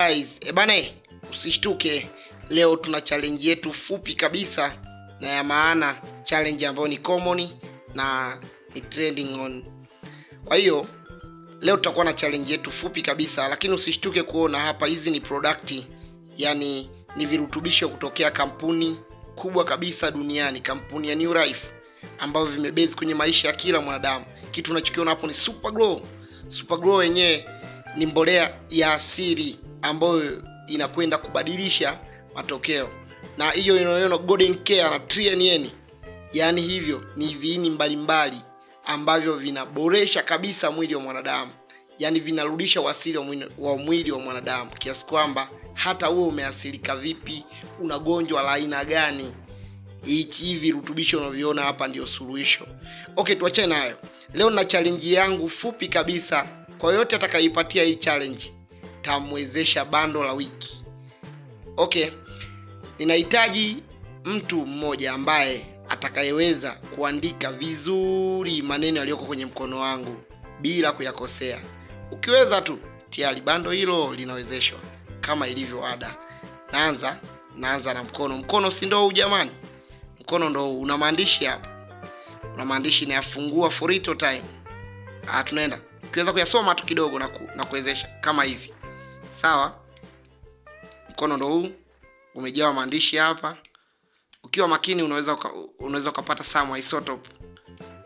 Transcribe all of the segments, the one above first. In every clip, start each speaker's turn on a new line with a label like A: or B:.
A: Guys, ebane, eh, eh, usishtuke. Leo tuna challenge yetu fupi kabisa na ya maana, challenge ambayo ni common na ni trending on. Kwa hiyo leo tutakuwa na challenge yetu fupi kabisa, lakini usishtuke kuona hapa hizi ni product, yani ni virutubisho kutokea kampuni kubwa kabisa duniani, kampuni ya New Life ambavyo vimebezi kwenye maisha ya kila mwanadamu. Kitu unachokiona hapo ni Super glow Super glow yenyewe ni mbolea ya asili ambayo inakwenda kubadilisha matokeo, na hiyo inayoona golden care na TNN, yaani hivyo ni viini mbalimbali ambavyo vinaboresha kabisa mwili wa mwanadamu, yaani vinarudisha uasili wa mwili wa mwanadamu, kiasi kwamba hata wewe umeasilika vipi, una gonjwa la aina gani, hivi virutubisho unavyoona hapa ndio suluhisho. Okay, tuachane nayo. Leo na challenge yangu fupi kabisa kwa yote atakaipatia hii challenge nitamwezesha bando la wiki. Okay, ninahitaji mtu mmoja ambaye atakayeweza kuandika vizuri maneno yaliyoko kwenye mkono wangu bila kuyakosea. Ukiweza tu tayari bando hilo linawezeshwa kama ilivyo ada. Naanza naanza na mkono. Mkono si ndo jamani? Mkono ndo una maandishi hapa, una maandishi nayafungua for time. Ah, tunaenda ukiweza kuyasoma tu kidogo na kuwezesha kama hivi sawa. Mkono ndo huu umejawa maandishi hapa. Ukiwa makini, unaweza uka, unaweza ukapata some isotope.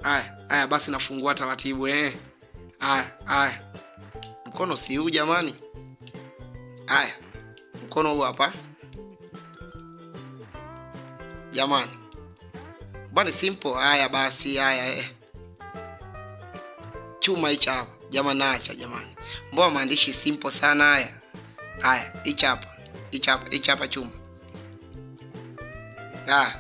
A: Haya haya, basi nafungua taratibu eh. Haya haya, mkono si huu jamani. Haya, mkono huu hapa jamani, bani simple. Haya basi, haya eh, chuma hicho hapa jamani, acha jamani, mbona maandishi simple sana haya. Haya, hichi hapa, hichi hapa, hichi hapa chuma. Ah,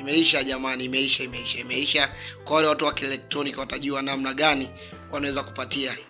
A: imeisha jamani, imeisha, imeisha, imeisha. Kwa wale watu wa kielektroniki watajua namna gani wanaweza kupatia